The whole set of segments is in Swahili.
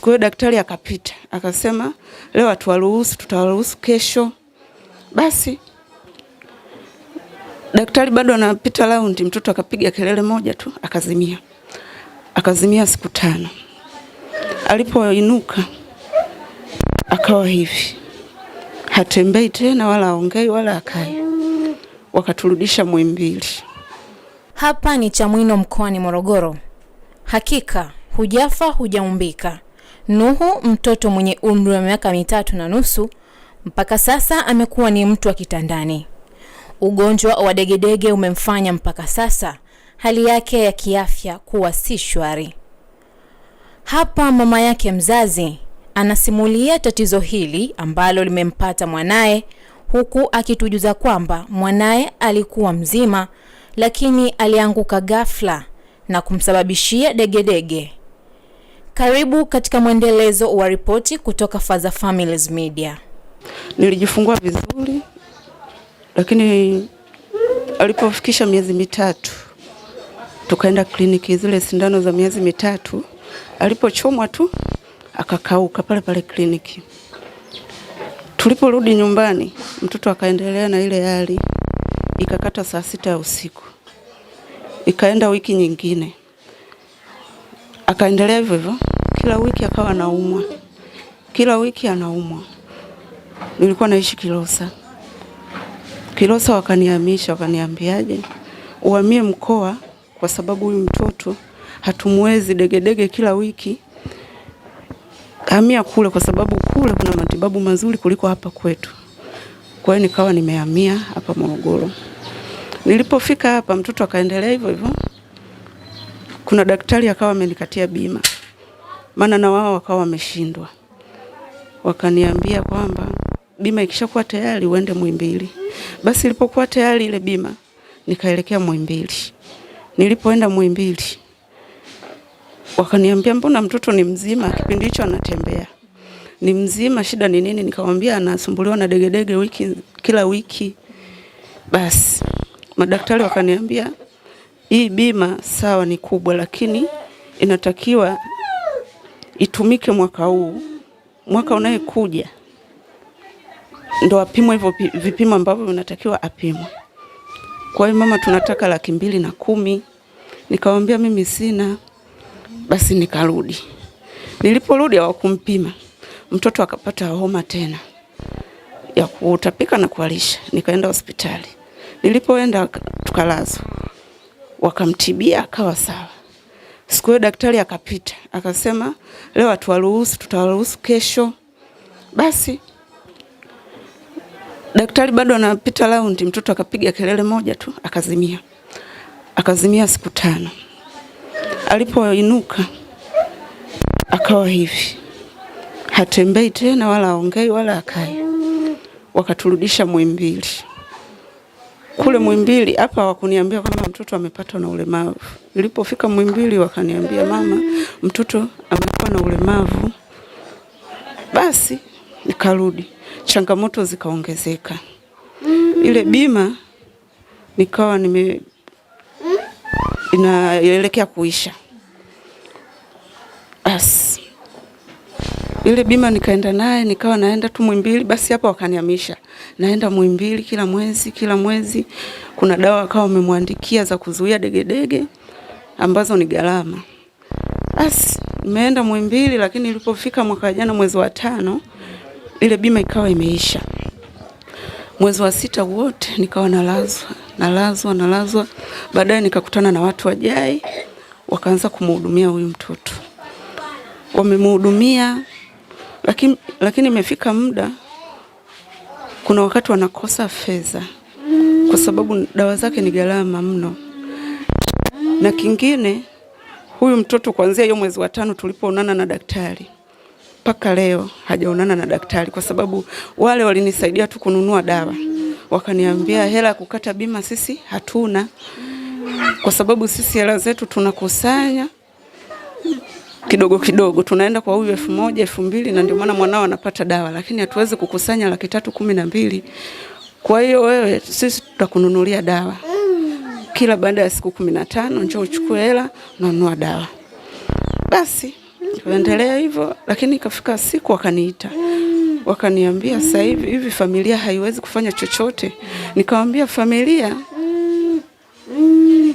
Siku hiyo daktari akapita akasema, leo hatuwaruhusu, tutawaruhusu kesho. Basi daktari bado anapita raundi, mtoto akapiga kelele moja tu akazimia, akazimia siku tano. Alipoinuka akawa hivi, hatembei tena wala aongei wala akai. Wakaturudisha Muhimbili. Hapa ni Chamwino mkoani Morogoro. Hakika hujafa hujaumbika. Nuhu, mtoto mwenye umri wa miaka mitatu na nusu, mpaka sasa amekuwa ni mtu wa kitandani. Ugonjwa wa degedege umemfanya mpaka sasa hali yake ya kiafya kuwa si shwari. Hapa mama yake mzazi anasimulia tatizo hili ambalo limempata mwanaye, huku akitujuza kwamba mwanaye alikuwa mzima, lakini alianguka ghafla na kumsababishia degedege. Karibu katika mwendelezo wa ripoti kutoka Faza Families Media. Nilijifungua vizuri, lakini alipofikisha miezi mitatu tukaenda kliniki, zile sindano za miezi mitatu, alipochomwa tu akakauka pale pale kliniki. Tuliporudi nyumbani, mtoto akaendelea na ile hali, ikakata saa sita ya usiku, ikaenda wiki nyingine akaendelea hivyo hivyo kila wiki akawa anaumwa, kila wiki anaumwa. Nilikuwa naishi Kilosa. Kilosa wakanihamisha, wakaniambiaje, uhamie mkoa kwa sababu huyu mtoto hatumwezi degedege kila wiki, hamia kule kwa sababu kule kuna matibabu mazuri kuliko hapa kwetu. Kwa hiyo nikawa nimehamia hapa Morogoro. Nilipofika hapa mtoto akaendelea hivyo hivyo. Kuna daktari akawa amenikatia bima maana na wao wakawa wameshindwa. Wakaniambia kwamba bima ikishakuwa tayari uende Muhimbili. Basi ilipokuwa tayari ile bima, nikaelekea Muhimbili. Nilipoenda Muhimbili, wakaniambia mbona mtoto ni mzima, kipindi hicho anatembea ni mzima, shida ni nini? Nikamwambia anasumbuliwa na degedege wiki kila wiki. Basi madaktari wakaniambia hii bima sawa, ni kubwa, lakini inatakiwa itumike mwaka huu, mwaka unayekuja ndo apimwe hivyo vipimo ambavyo vinatakiwa apimwe. Kwa hiyo mama, tunataka laki mbili na kumi. Nikamwambia mimi sina, basi nikarudi. Niliporudi hawakumpima mtoto, akapata homa tena ya kutapika na kualisha. Nikaenda hospitali, nilipoenda tukalazwa, wakamtibia akawa sawa. Siku hiyo daktari akapita akasema, leo hatuwaruhusu, tutawaruhusu kesho. Basi daktari bado anapita raundi, mtoto akapiga kelele moja tu akazimia, akazimia siku tano. Alipoinuka akawa hivi, hatembei tena wala aongei wala akai, Wakaturudisha Muhimbili kule Mwimbili hapa wakuniambia kwamba mtoto amepatwa na ulemavu. Nilipofika Mwimbili wakaniambia mama, mtoto amekuwa na ulemavu. Basi nikarudi, changamoto zikaongezeka. Mm. Ile bima nikawa nime mm. inaelekea kuisha. Basi ile bima nikaenda naye nikawa naenda tu Muhimbili, basi hapo wakaniamisha naenda Muhimbili kila mwezi kila mwezi. Kuna dawa akawa wamemwandikia za kuzuia degedege ambazo ni gharama. Basi nimeenda Muhimbili, lakini ilipofika mwaka jana mwezi wa tano ile bima ikawa imeisha. Mwezi wa sita wote nikawa nalazwa nalazwa nalazwa, baadaye nikakutana na watu wajai, wakaanza kumhudumia huyu mtoto, wamemhudumia lakini, lakini imefika muda, kuna wakati wanakosa fedha kwa sababu dawa zake ni gharama mno, na kingine huyu mtoto kuanzia hiyo mwezi wa tano tulipoonana na daktari mpaka leo hajaonana na daktari, kwa sababu wale walinisaidia tu kununua dawa, wakaniambia hela ya kukata bima sisi hatuna, kwa sababu sisi hela zetu tunakusanya kidogo kidogo tunaenda kwa huyu elfu moja elfu mbili na ndio maana mwanao anapata dawa, lakini hatuwezi kukusanya laki tatu kumi na mbili. Kwa hiyo wewe, sisi tutakununulia dawa kila baada ya siku kumi na tano, njoo uchukue hela nanunua dawa. Basi tuendelea hivyo, lakini ikafika siku wakaniita wakaniambia, sasa hivi hivi familia haiwezi kufanya chochote. Nikamwambia familia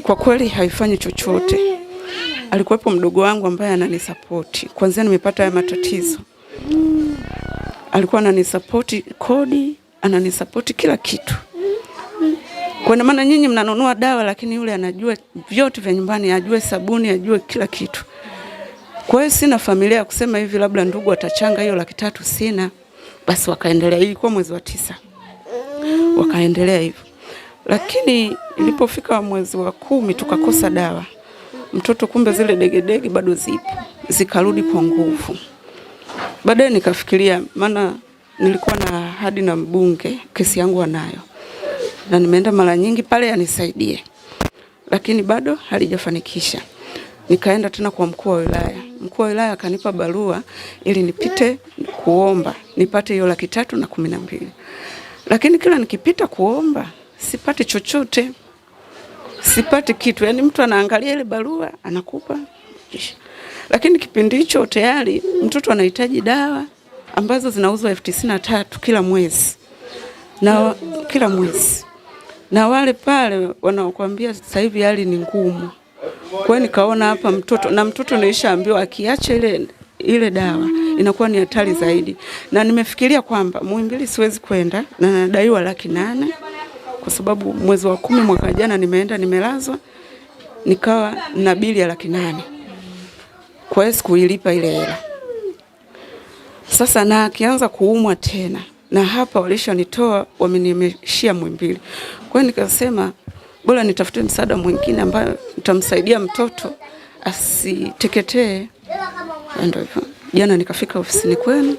kwa kweli haifanyi chochote alikuwepo mdogo wangu ambaye ananisapoti kwanzia nimepata haya matatizo, alikuwa ananisapoti kodi, ananisapoti kila kitu. Kwa maana nyinyi mnanunua dawa, lakini yule anajua vyote vya nyumbani, ajue sabuni, ajue kila kitu. Kwa hiyo sina familia ya kusema hivi labda ndugu atachanga hiyo laki tatu, sina. Basi wakaendelea, ilikuwa mwezi wa tisa, wakaendelea hivyo, lakini ilipofika mwezi wa kumi tukakosa dawa mtoto, kumbe zile degedege bado zipo, zikarudi kwa nguvu. Baadaye nikafikiria, maana nilikuwa na hadi na mbunge, kesi yangu anayo na nimeenda mara nyingi pale anisaidie, lakini bado halijafanikisha. Nikaenda tena kwa mkuu wa wilaya. Mkuu wa wilaya akanipa barua ili nipite kuomba nipate hiyo laki tatu na kumi na mbili, lakini kila nikipita kuomba sipati chochote sipati kitu, yani mtu anaangalia ile barua anakupa Lakini kipindi hicho tayari mtoto anahitaji dawa ambazo zinauzwa elfu tisini na tatu kila mwezi na kila mwezi, na wale pale wanaokuambia sasa hivi hali ni ngumu. Kwa nikaona hapa mtoto na mtoto nilishaambiwa akiacha ile ile dawa inakuwa ni hatari zaidi, na nimefikiria kwamba Muhimbili siwezi kwenda na nadaiwa laki nane kwa sababu mwezi wa kumi mwaka jana nimeenda nimelazwa nikawa na bili ya laki nane. Kwa hiyo sikuilipa ile hela. Sasa na akianza kuumwa tena na hapa walishanitoa wamenimeshia mwimbili. Kwa hiyo nikasema bora nitafute msaada mwingine ambayo nitamsaidia mtoto asiteketee. Ndio jana nikafika ofisini kwenu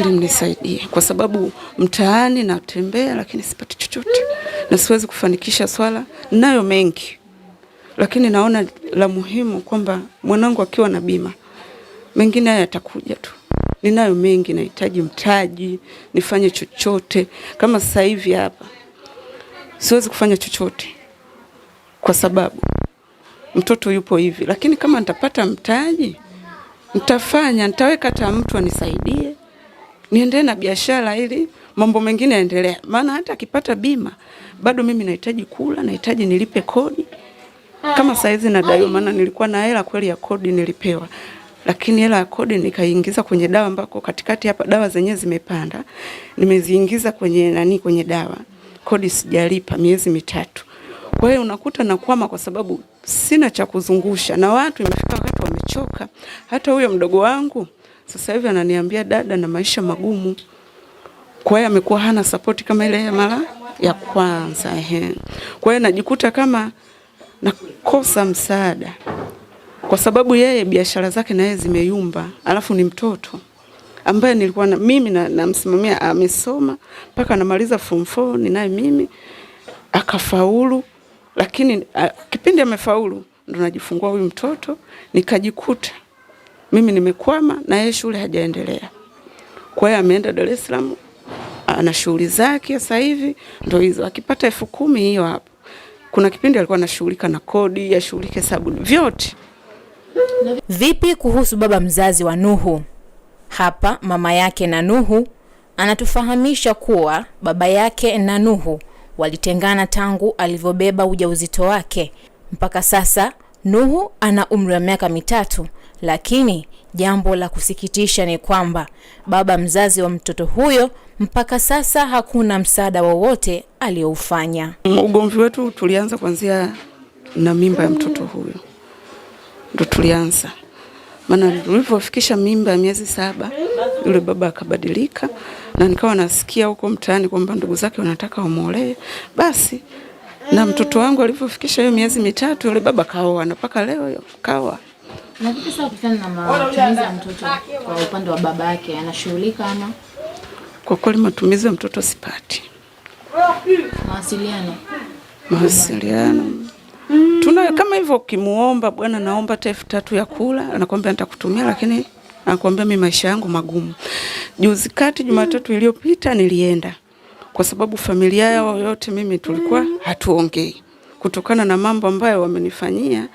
ili mnisaidie, kwa sababu mtaani natembea, lakini sipati chochote na siwezi kufanikisha swala. Nayo mengi lakini naona la muhimu kwamba mwanangu akiwa na bima, mengine haya yatakuja tu. Ninayo mengi, nahitaji mtaji, nifanye chochote. Kama sasa hivi hapa siwezi kufanya chochote kwa sababu mtoto yupo hivi, lakini kama nitapata mtaji, nitafanya, nitaweka hata mtu anisaidie niendelee na biashara ili mambo mengine yaendelee, maana hata akipata bima bado mimi nahitaji kula, nahitaji nilipe kodi kama saizi nadaiwa, maana nilikuwa na hela kweli ya kodi nilipewa, lakini hela ya kodi nikaingiza kwenye dawa, ambako katikati hapa dawa zenyewe zimepanda, nimeziingiza kwenye nani, kwenye dawa, kodi sijalipa miezi mitatu. Kwa hiyo unakuta nakwama kwa sababu sina cha kuzungusha, na watu imefika wakati wamechoka. Hata huyo mdogo wangu sasa hivi ananiambia dada na maisha magumu, kwa hiyo amekuwa hana sapoti kama ile ya mara ya kwanza. Ehe, kwa hiyo najikuta kama nakosa msaada kwa sababu yeye biashara zake na yeye zimeyumba, alafu ni mtoto ambaye nilikuwa na, mimi namsimamia na amesoma mpaka anamaliza form 4 ni naye mimi akafaulu, lakini a, kipindi amefaulu ndo najifungua huyu mtoto nikajikuta mimi nimekwama na yeye shule hajaendelea. Kwa hiyo ameenda Dar es Salaam, ana shughuli zake sasa hivi ndio hizo, akipata elfu kumi hiyo hapo. Kuna kipindi alikuwa anashughulika na kodi, ashughulike hesabu vyote. Vipi kuhusu baba mzazi wa Nuhu? Hapa mama yake na Nuhu anatufahamisha kuwa baba yake na Nuhu walitengana tangu alivyobeba ujauzito wake mpaka sasa. Nuhu ana umri wa miaka mitatu lakini jambo la kusikitisha ni kwamba baba mzazi wa mtoto huyo mpaka sasa hakuna msaada wowote alioufanya. Ugomvi wetu tulianza kuanzia na mimba ya mtoto huyo, ndo tulianza maana tulivyofikisha mimba ya miezi saba yule baba akabadilika, na nikawa nasikia huko mtaani kwamba ndugu zake wanataka wamuolee. Basi na mtoto wangu alivyofikisha hiyo miezi mitatu yule baba kaoa, na mpaka leo kaoa. Navipi sasa kutana na matumizi ya mtoto ah, kwa upande wa baba yake, anashughulika ama? Kwa kweli matumizi ya mtoto sipati. Mawasiliano, mawasiliano mm. Tuna kama hivyo, ukimuomba bwana, naomba hata elfu tatu ya kula, anakuambia nitakutumia, lakini anakuambia mimi maisha yangu magumu. Juzi kati Jumatatu mm. iliyopita nilienda kwa sababu familia yao yote mimi tulikuwa mm. hatuongei kutokana na mambo ambayo wamenifanyia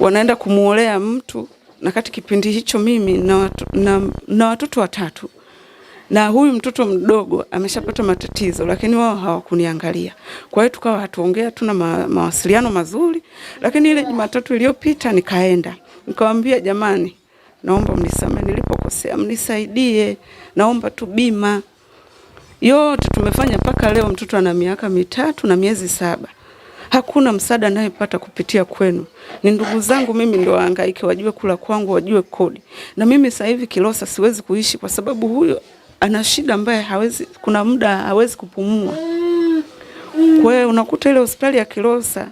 wanaenda kumuolea mtu, na kati kipindi hicho mimi na, watu, na, na watoto watatu na huyu mtoto mdogo ameshapata matatizo, lakini wao hawakuniangalia. Kwa hiyo tukawa hatuongea, tuna ma, mawasiliano mazuri, lakini ile Jumatatu iliyopita nikaenda nikamwambia, jamani, naomba mnisamehe nilipokosea, mnisaidie, naomba tu bima yote tumefanya mpaka leo. Mtoto ana miaka mitatu na miezi saba hakuna msaada anayepata kupitia kwenu. Ni ndugu zangu mimi ndo wahangaike, wajue kula kwangu, wajue kodi. Na mimi sasa hivi Kilosa siwezi kuishi kwa sababu huyo ana shida ambaye hawezi, kuna muda hawezi kupumua. Kwa hiyo unakuta ile hospitali ya Kilosa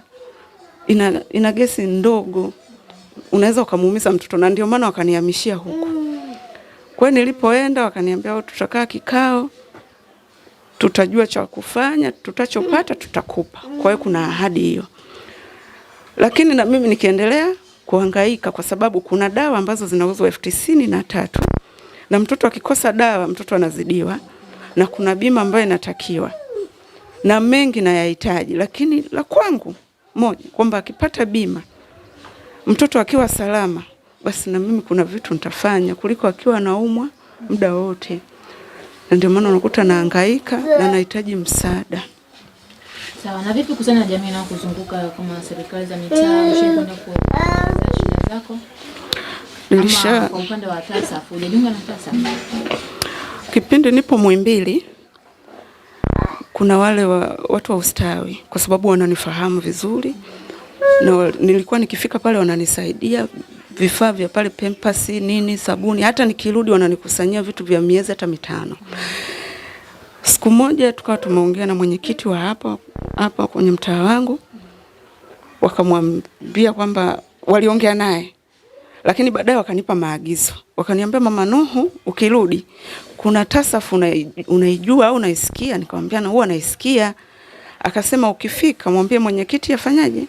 ina, ina gesi ndogo, unaweza ukamuumiza mtoto, na ndio maana wakanihamishia huku. Kwa hiyo nilipoenda wakaniambia oh, tutakaa kikao tutajua cha kufanya, tutachopata tutakupa. Kwa hiyo kuna ahadi hiyo, lakini na mimi nikiendelea kuhangaika, kwa sababu kuna dawa ambazo zinauzwa elfu tisini na tatu na mtoto akikosa dawa mtoto anazidiwa, na kuna bima ambayo inatakiwa na mengi nayahitaji, lakini la kwangu moja kwamba akipata bima mtoto akiwa salama, basi na mimi kuna vitu nitafanya kuliko akiwa anaumwa muda wote na ndio maana unakuta naangaika na nahitaji msaada. Sawa, na vipi kusana na jamii na kuzunguka kama serikali za mitaa ushakwenda kueleza shida zako? Nilisha kwa upande wa TASAF, hujajiunga na TASAF? Kipindi nipo Muhimbili kuna wale wa, watu wa ustawi kwa sababu wananifahamu vizuri na nilikuwa nikifika pale wananisaidia vifaa vya pale Pampers nini, sabuni, hata nikirudi wananikusanyia vitu vya miezi hata mitano. Siku moja tukawa tumeongea na mwenyekiti wa hapa hapa kwenye mtaa wangu, wakamwambia kwamba waliongea naye, lakini baadaye wakanipa maagizo, wakaniambia Mama Nuhu, ukirudi kuna tasafu unaijua au unaisikia? Nikamwambia na huwa naisikia. Akasema ukifika mwambie mwenyekiti afanyaje,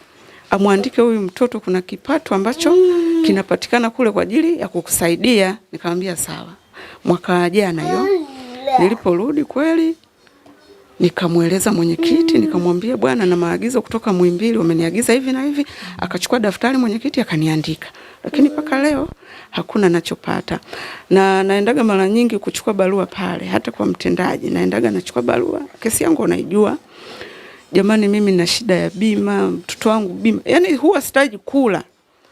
amwandike huyu mtoto, kuna kipato ambacho mm mm. kinapatikana kule kwa ajili ya kukusaidia. Nikamwambia sawa. Mwaka jana hiyo mm. niliporudi kweli nikamweleza mwenyekiti mm. nikamwambia, bwana, na maagizo kutoka Muhimbili wameniagiza hivi na hivi. Akachukua daftari mwenyekiti akaniandika, lakini mm. mpaka mm. leo hakuna nachopata. Na naendaga mara nyingi kuchukua barua pale, hata kwa mtendaji naendaga nachukua barua. Kesi yangu unaijua jamani, mimi na shida ya bima, mtoto wangu bima, yani huwa sitaji kula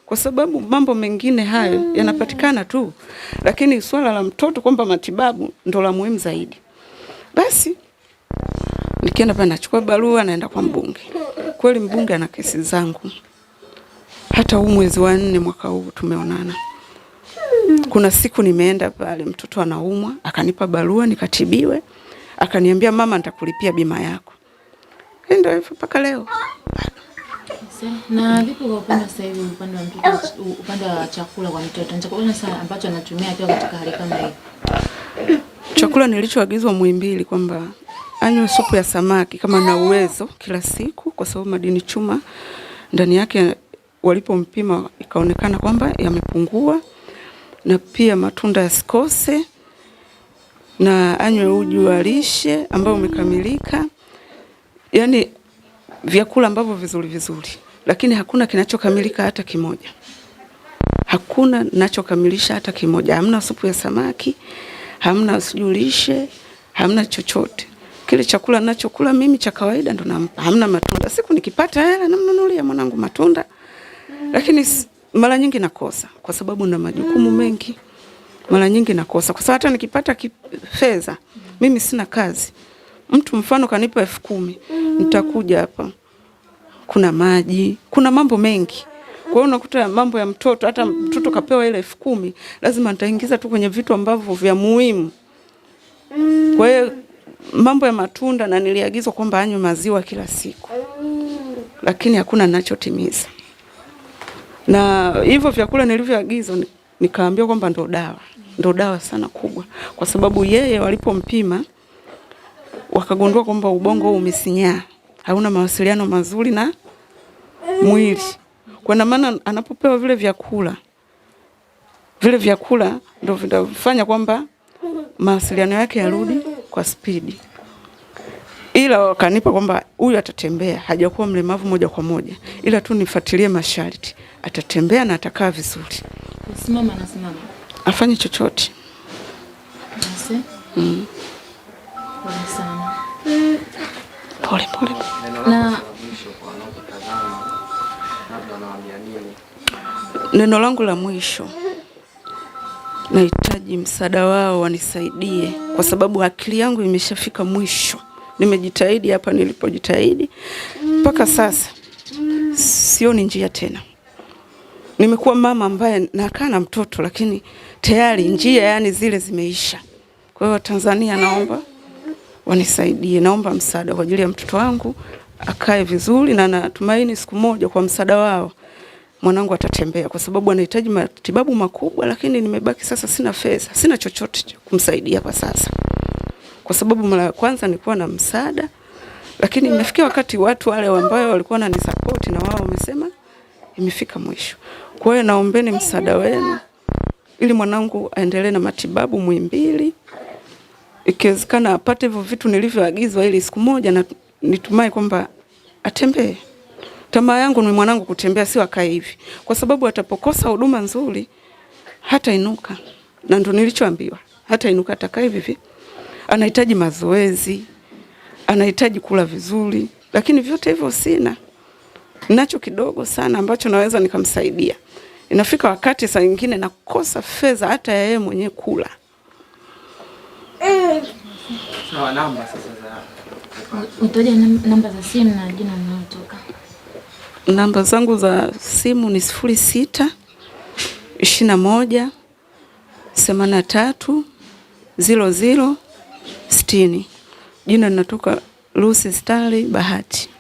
kwa sababu mambo mengine hayo mm. yanapatikana tu, lakini swala la mtoto kwamba matibabu ndo la muhimu zaidi. Basi nikienda pale nachukua barua naenda kwa mbunge. Kweli mbunge ana kesi zangu, hata huu mwezi wa nne mwaka huu tumeonana. Kuna siku nimeenda pale, mtoto anaumwa, akanipa barua nikatibiwe, akaniambia mama, nitakulipia bima yako. Ndio hivyo mpaka leo. Na vipi kwa upande sasa hivi upande wa mtoto upande wa chakula kwa mtoto? Ni chakula sana ambacho anatumia akiwa katika hali kama hii. Chakula nilichoagizwa Muhimbili kwamba anywe supu ya samaki kama na uwezo kila siku kwa sababu madini chuma ndani yake walipompima ikaonekana kwamba yamepungua, na pia matunda yasikose, na anywe uji wa lishe ambao umekamilika, yani vyakula ambavyo vizuri vizuri lakini hakuna kinachokamilika hata kimoja, hakuna nachokamilisha hata kimoja. Hamna supu ya samaki, hamna sijulishe, hamna chochote kile chakula nachokula mimi cha kawaida ndo nampa. Hamna matunda, siku nikipata hela namnunulia mwanangu matunda, lakini mara nyingi nakosa kwa sababu na majukumu mengi. Mara nyingi nakosa kwa sababu hata nikipata fedha, mimi sina kazi. Mtu mfano kanipa elfu kumi nitakuja hapa kuna maji, kuna mambo mengi. Kwa hiyo unakuta mambo ya mtoto, hata mtoto kapewa ile elfu kumi lazima nitaingiza tu kwenye vitu ambavyo vya muhimu. Kwa hiyo mambo ya matunda, na niliagizwa kwamba anywe maziwa kila siku, lakini hakuna ninachotimiza na hivyo vyakula nilivyoagizwa nikaambia kwamba ndo dawa, ndo dawa sana kubwa, kwa sababu yeye walipompima wakagundua kwamba ubongo umesinyaa hauna mawasiliano mazuri na mwili. Kwa maana anapopewa vile vyakula, vile vyakula ndio vinafanya kwamba mawasiliano yake yarudi kwa spidi, ila wakanipa kwamba huyu atatembea, hajakuwa mlemavu moja kwa moja, ila tu nifuatilie masharti, atatembea na atakaa vizuri. simama na simama, afanye chochote mm pole pole na neno langu la mwisho, nahitaji msaada wao, wanisaidie kwa sababu akili yangu imeshafika mwisho. Nimejitahidi hapa nilipojitahidi mpaka sasa, sioni njia tena. Nimekuwa mama ambaye nakaa na mtoto, lakini tayari njia yani zile zimeisha. Kwa hiyo Tanzania, naomba wanisaidie. Naomba msaada kwa ajili ya mtoto wangu akae vizuri, na natumaini siku moja kwa msaada wao mwanangu atatembea, kwa sababu anahitaji matibabu makubwa, lakini nimebaki sasa, sina fedha, sina chochote kumsaidia kwa sasa, kwa sababu mara ya kwanza nilikuwa na msaada, lakini imefikia wakati watu wale ambao walikuwa wananisupport na wao wamesema imefika mwisho. Kwa hiyo naombeni msaada wenu ili mwanangu aendelee na matibabu Muhimbili ikiwezekana apate hivyo vitu nilivyoagizwa, ili siku moja na nitumai kwamba atembee. Tamaa yangu ni mwanangu kutembea, si akae hivi, kwa sababu atapokosa huduma nzuri hata inuka, na ndo nilichoambiwa, hata inuka, atakaa hivi hivi. Anahitaji mazoezi, anahitaji kula vizuri, lakini vyote hivyo sina. Nacho kidogo sana ambacho naweza nikamsaidia. Inafika wakati saa nyingine nakosa fedha hata ya yeye mwenyewe kula. Sawa, namba sasa za namba za simu na jina linalotoka. Namba zangu za simu ni sifuri sita ishirini na moja themanini na tatu ziro ziro sitini. Jina linatoka Lucy Stanley Bahati.